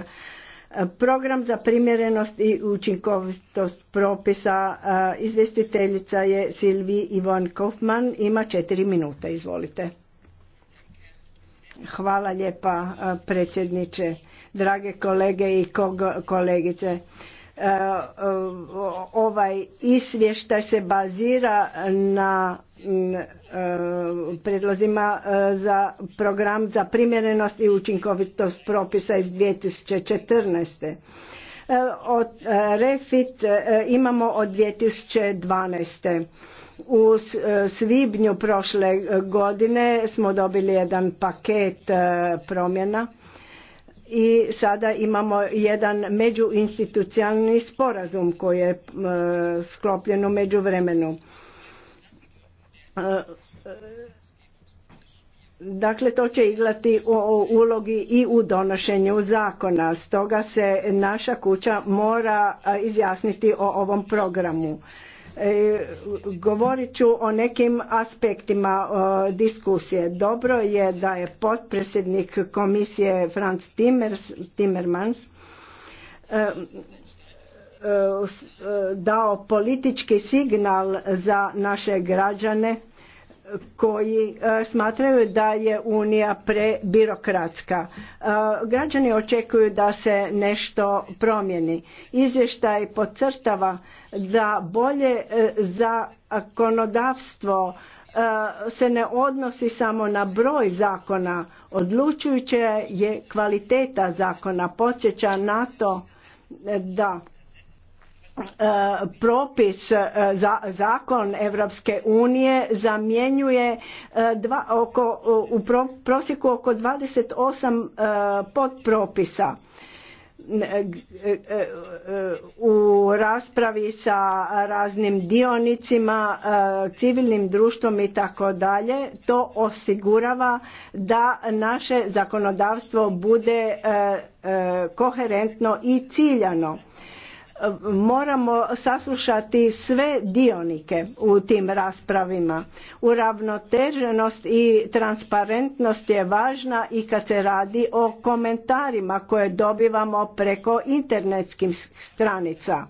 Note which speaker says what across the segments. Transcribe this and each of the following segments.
Speaker 1: E, program za primjerenost i učinkovitost propisa e, izvjestiteljica je Silvi Ivon Kaufman. Ima četiri minute, izvolite. Hvala lijepa e, predsjedniče, drage kolege i kolegice. E, e, ovaj izvještaj se bazira na e, predlozima za program za primjerenost i učinkovitost propisa iz 2014. Od Refit imamo od 2012. U svibnju prošle godine smo dobili jedan paket promjena i sada imamo jedan međuinstitucionalni sporazum koji je e, sklopljen u međuvremenu. E, e, dakle, to će igrati u ulogi i u donošenju zakona. Stoga se naša kuća mora izjasniti o ovom programu. E, govorit ću o nekim aspektima e, diskusije. Dobro je da je potpredsjednik komisije Franz Timmermans e, dao politički signal za naše građane koji e, smatraju da je Unija prebirokratska. E, građani očekuju da se nešto promijeni. Izvještaj podcrtava da bolje e, zakonodavstvo se ne odnosi samo na broj zakona, odlučujuća je kvaliteta zakona. Podsjeća na to da E, propis e, za, zakon Europske unije zamjenjuje e, dva, oko, u prosjeku oko 28 podpropisa u raspravi sa raznim dionicima, civilnim društvom i tako dalje, to osigurava da naše zakonodavstvo bude koherentno i ciljano moramo saslušati sve dionike u tim raspravima. Uravnoteženost i transparentnost je važna i kad se radi o komentarima koje dobivamo preko internetskih stranica.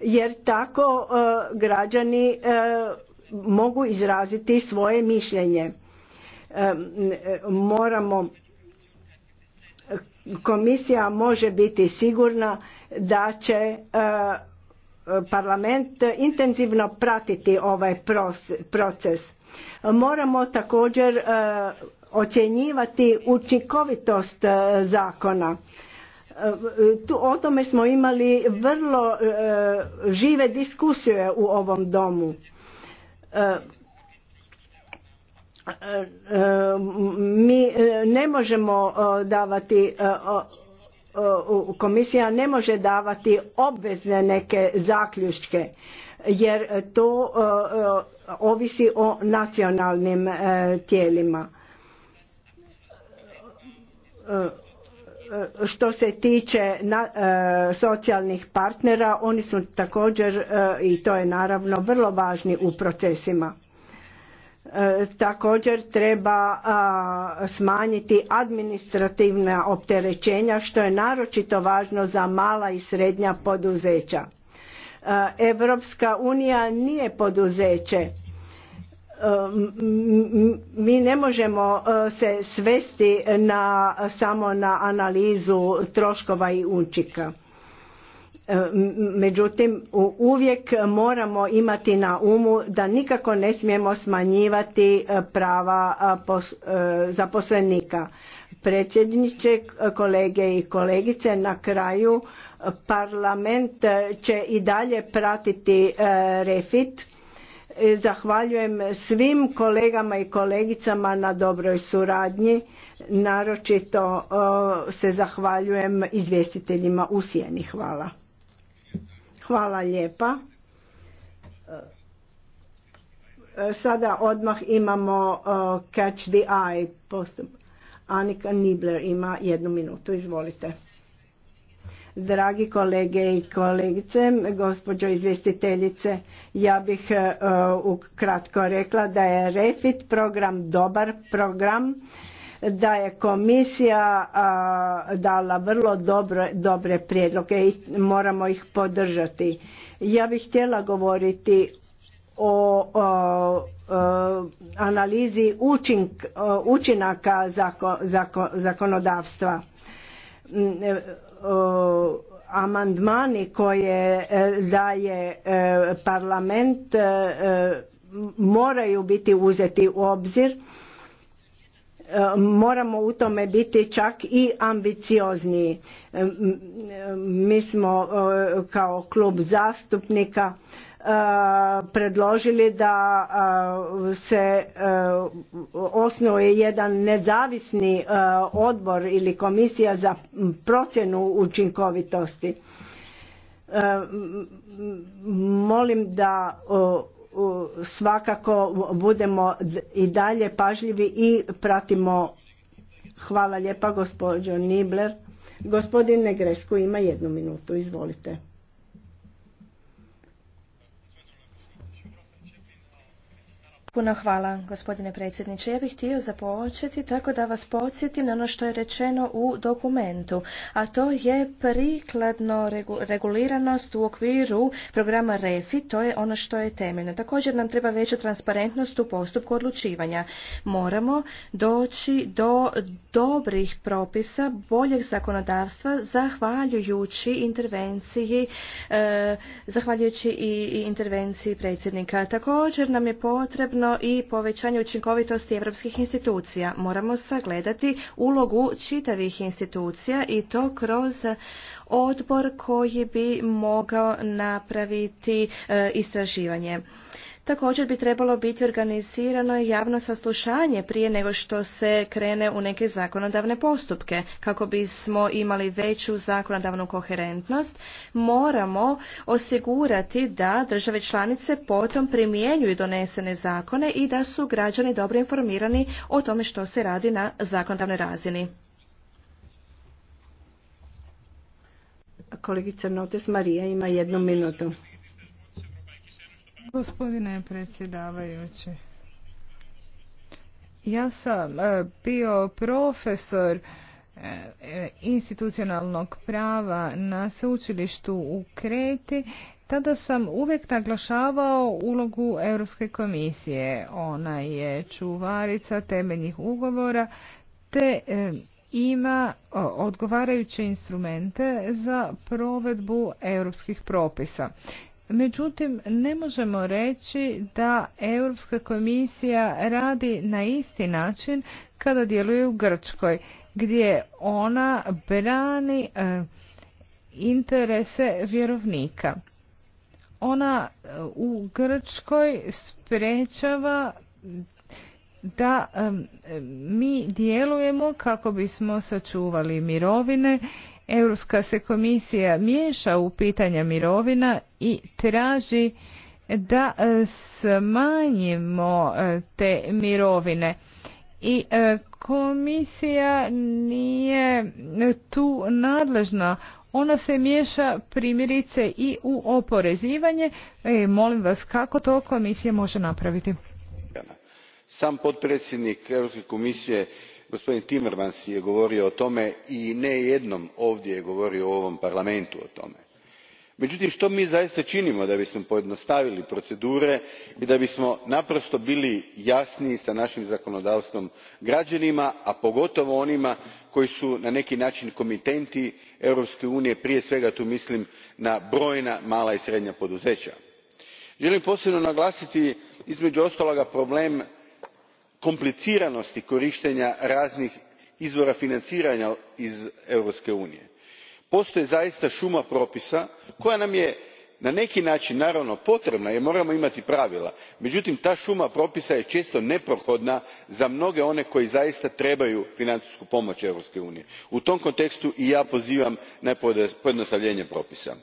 Speaker 1: Jer tako e, građani e, mogu izraziti svoje mišljenje. E, moramo komisija može biti sigurna da će e, parlament intenzivno pratiti ovaj proces. Moramo također e, ocjenjivati učinkovitost e, zakona. Tu, o tome smo imali vrlo žive diskusije u ovom domu. Mi ne možemo davati komisija ne može davati obvezne neke zaključke jer to e, e, ovisi o nacionalnim e, tijelima. Što se tiče socijalnih partnera, oni su također, i to je naravno vrlo važni u procesima. E, također treba smanjiti administrativna opterećenja što je naročito važno za mala i srednja poduzeća. Europska unija nije poduzeće. E, mi ne možemo e, se svesti samo na analizu troškova i učinka E, međutim, uvijek moramo imati na umu da nikako ne smijemo smanjivati e, prava e, zaposlenika. Predsjedniče, kolege i kolegice, na kraju parlament će i dalje pratiti refit. Zahvaljujem svim kolegama i kolegicama na dobroj suradnji. Naročito se zahvaljujem izvjestiteljima u sjeni Hvala. Hvala lijepa. E, sada odmah imamo e, catch the eye postup. Anika Nibler ima jednu minutu, izvolite. Dragi kolege i kolegice, gospođo izvjestiteljice, ja bih e, ukratko rekla da je REFIT program dobar program da je komisija dala vrlo dobre, prijedloge i moramo ih podržati. Ja bih htjela govoriti o, analizi učinaka zakonodavstva. Mm, e, amandmani koje e, daje e, parlament moraju biti uzeti u obzir moramo u tome biti čak i ambiciozniji. Mi smo e, kao klub zastupnika e, predložili da e, se osnuje jedan nezavisni odbor ili komisija za procjenu učinkovitosti. Molim da svakako budemo i dalje pažljivi i pratimo. Hvala lijepa gospođo Nibler. Gospodin Negresku ima jednu minutu, izvolite.
Speaker 2: Puno hvala, gospodine predsjedniče. Ja bih htio započeti tako da vas podsjetim na ono što je rečeno u dokumentu, a to je prikladno reguliranost u okviru programa REFI, to je ono što je temeljno. Također nam treba veća transparentnost u postupku odlučivanja. Moramo doći do dobrih propisa, boljeg zakonodavstva, zahvaljujući intervenciji, eh, zahvaljujući i intervenciji predsjednika. Također nam je potrebno i povećanje učinkovitosti europskih institucija. Moramo sagledati ulogu čitavih institucija i to kroz odbor koji bi mogao napraviti e, istraživanje. Također bi trebalo biti organizirano javno saslušanje prije nego što se krene u neke zakonodavne postupke. Kako bismo imali veću zakonodavnu koherentnost, moramo osigurati da države članice potom primjenjuju donesene zakone i da su građani dobro informirani o tome što se radi na zakonodavnoj razini. Kolegica Notes Marija ima jednu minutu.
Speaker 3: Gospodine predsjedavajući, ja sam e, bio profesor e, institucionalnog prava na sveučilištu u Kreti. Tada sam uvijek naglašavao ulogu Europske komisije. Ona je čuvarica temeljnih ugovora te e, ima odgovarajuće instrumente za provedbu europskih propisa. Međutim, ne možemo reći da Europska komisija radi na isti način kada djeluje u Grčkoj, gdje ona brani e, interese vjerovnika. Ona e, u Grčkoj sprečava da e, mi djelujemo kako bismo sačuvali mirovine Europska se komisija miješa u pitanja mirovina i traži da e, smanjimo e, te mirovine. I e, komisija nije tu nadležna. Ona se miješa primjerice i u oporezivanje. molim vas, kako to komisija može napraviti?
Speaker 4: Sam potpredsjednik Europske komisije gospodin timmermans je govorio o tome i ne jednom ovdje je govorio u ovom parlamentu o tome. međutim što mi zaista činimo da bismo pojednostavili procedure i da bismo naprosto bili jasniji s našim zakonodavstvom građanima a pogotovo onima koji su na neki način komitenti europske unije prije svega tu mislim na brojna mala i srednja poduzeća? želim posebno naglasiti između ostaloga problem kompliciranosti korištenja raznih izvora financiranja iz europske unije. postoji zaista šuma propisa koja nam je na neki način naravno potrebna jer moramo imati pravila međutim ta šuma propisa je često neprohodna za mnoge one koji zaista trebaju financijsku pomoć europske unije. u tom kontekstu i ja pozivam na pojednostavljenje propisa.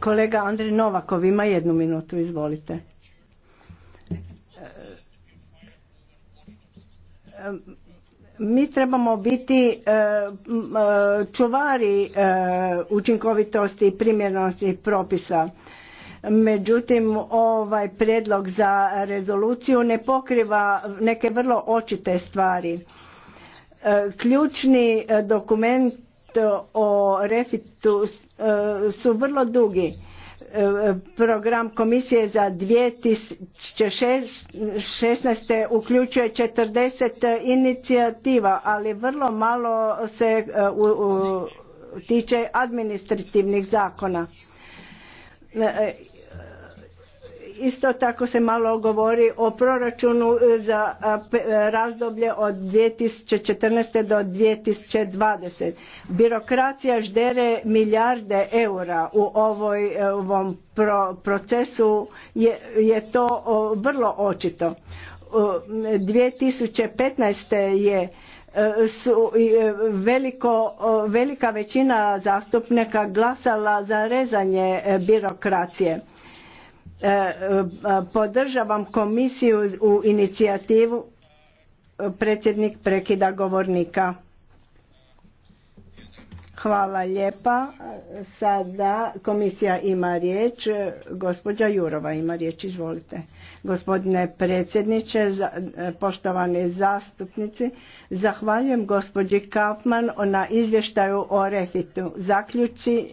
Speaker 1: Kolega Andrej Novakov ima jednu minutu, izvolite. Mi trebamo biti e, e, čuvari e, učinkovitosti i primjenosti propisa. Međutim, ovaj predlog za rezoluciju ne pokriva neke vrlo očite stvari. Ključni dokument o refitu e, su vrlo dugi. E, program komisije za 2016. uključuje 40 inicijativa, ali vrlo malo se e, tiče administrativnih zakona Isto tako se malo govori o proračunu e, za e, razdoblje od 2014. do 2020. Birokracija ždere milijarde eura u ovoj, e, ovom procesu je, to vrlo očito. 2015. je su je velika većina zastupnika glasala za rezanje birokracije E, e, podržavam komisiju u inicijativu e, predsjednik prekida govornika Hvala lijepa. Sada komisija ima riječ. Gospođa Jurova ima riječ. Izvolite. Gospodine predsjedniče, poštovani zastupnici, zahvaljujem gospođi Kaufman na izvještaju o refitu. Zaključi e,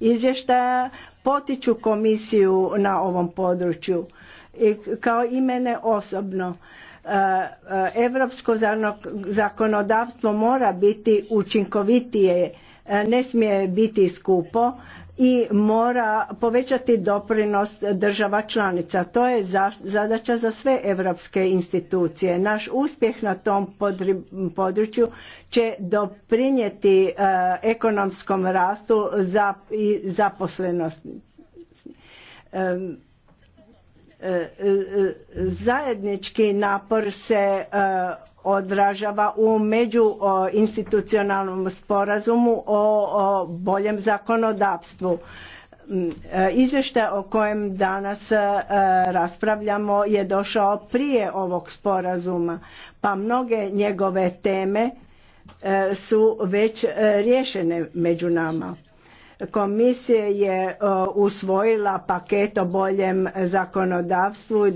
Speaker 1: izvještaja potiču komisiju na ovom području i kao i mene osobno Europsko e, zakonodavstvo mora biti učinkovitije, e, ne smije biti skupo i mora povećati doprinos država članica. To je zadaća za sve europske institucije. Naš uspjeh na tom području će doprinijeti e, ekonomskom rastu i zaposlenosti. E, e, zajednički napor se e, odražava u međuinstitucionalnom sporazumu o boljem zakonodavstvu. Mm, izvještaj o kojem danas raspravljamo je došao prije ovog sporazuma, pa mnoge njegove teme su već riješene među nama. Komisije je e, usvojila paket o boljem zakonodavstvu e,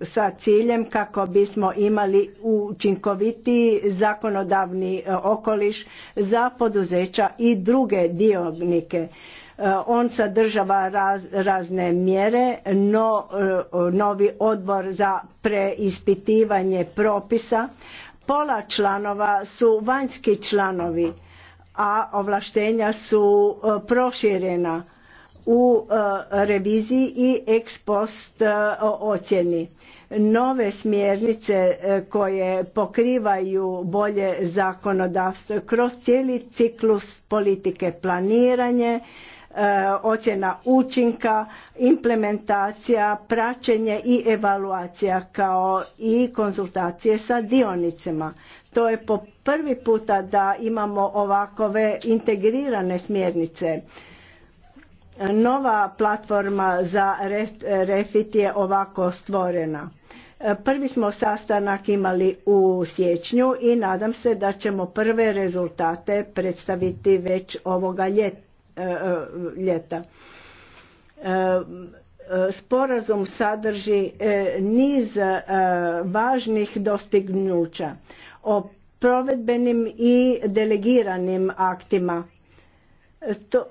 Speaker 1: sa ciljem kako bismo imali učinkovitiji zakonodavni e, okoliš za poduzeća i druge dionike. On sadržava razne mjere, no novi odbor za preispitivanje propisa, pola članova su vanjski članovi a ovlaštenja su e, proširena u e, reviziji i ex post e, ocjeni. Nove smjernice koje pokrivaju bolje zakonodavstvo kroz cijeli ciklus politike planiranje, ocjena učinka, implementacija, praćenje i evaluacija kao i konzultacije sa dionicima. To je po prvi puta da imamo ovakove integrirane smjernice. Nova platforma za refit je ovako stvorena. Prvi smo sastanak imali u siječnju i nadam se da ćemo prve rezultate predstaviti već ovoga e, e, ljeta. E, sporazum sadrži niz važnih dostignuća o provedbenim i delegiranim aktima. To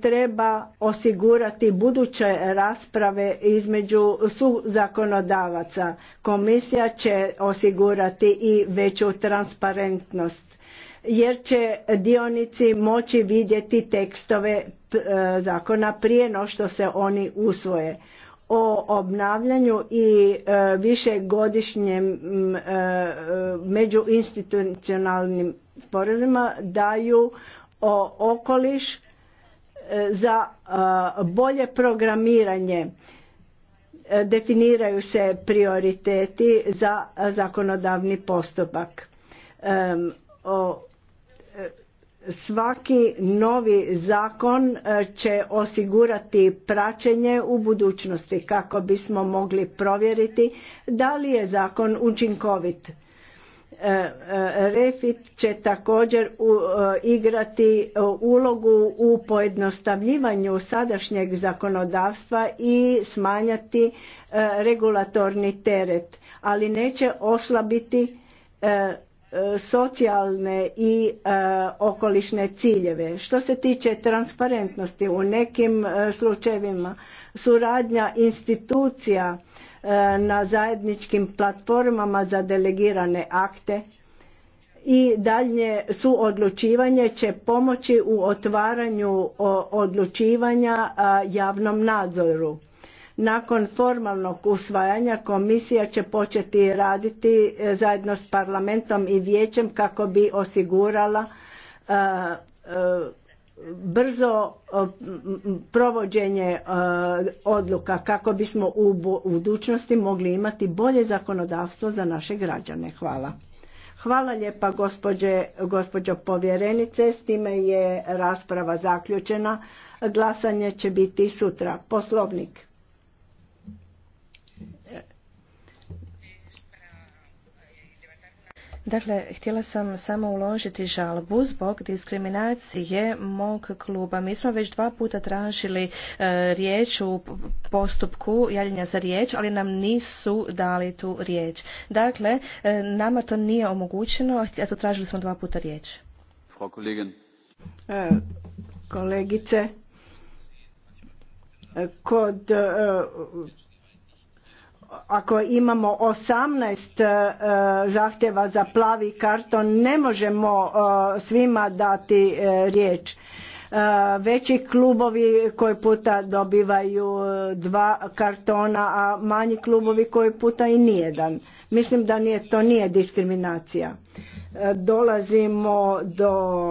Speaker 1: treba osigurati buduće rasprave između zakonodavaca. Komisija će osigurati i veću transparentnost jer će dionici moći vidjeti tekstove e, zakona prije no što se oni usvoje o obnavljanju i e, višegodišnjem e, e, međuinstitucionalnim sporazumima daju okoliš za bolje programiranje definiraju se prioriteti za zakonodavni postupak. O Svaki novi zakon e, će osigurati praćenje u budućnosti kako bismo mogli provjeriti da li je zakon učinkovit. E, e, Refit će također igrati ulogu u pojednostavljivanju sadašnjeg zakonodavstva i smanjati regulatorni teret, ali neće oslabiti E, socijalne i e, okolišne ciljeve. Što se tiče transparentnosti u nekim e, slučajevima suradnja institucija na zajedničkim platformama za delegirane akte i su suodlučivanje će pomoći u otvaranju odlučivanja javnom nadzoru nakon formalnog usvajanja komisija će početi raditi e, zajedno s parlamentom i vijećem kako bi osigurala e, e, brzo provođenje odluka kako bismo u budućnosti mogli imati bolje zakonodavstvo za naše građane. Hvala. Hvala lijepa gospođe, gospođo povjerenice. S time je rasprava zaključena. Glasanje će biti sutra.
Speaker 2: Poslovnik. Dakle, htjela sam samo uložiti žalbu zbog diskriminacije mog kluba. Mi smo već dva puta tražili e, riječ u postupku javljanja za riječ, ali nam nisu dali tu riječ. Dakle, e, nama to nije omogućeno, a zatražili smo dva puta riječ. Frau e, kolegice,
Speaker 1: kod ako imamo 18 e, zahtjeva za plavi karton ne možemo e, svima dati e, riječ. Veći klubovi koji puta dobivaju dva kartona, a manji klubovi koji puta i nijedan. Mislim da nije, to nije diskriminacija. Dolazimo do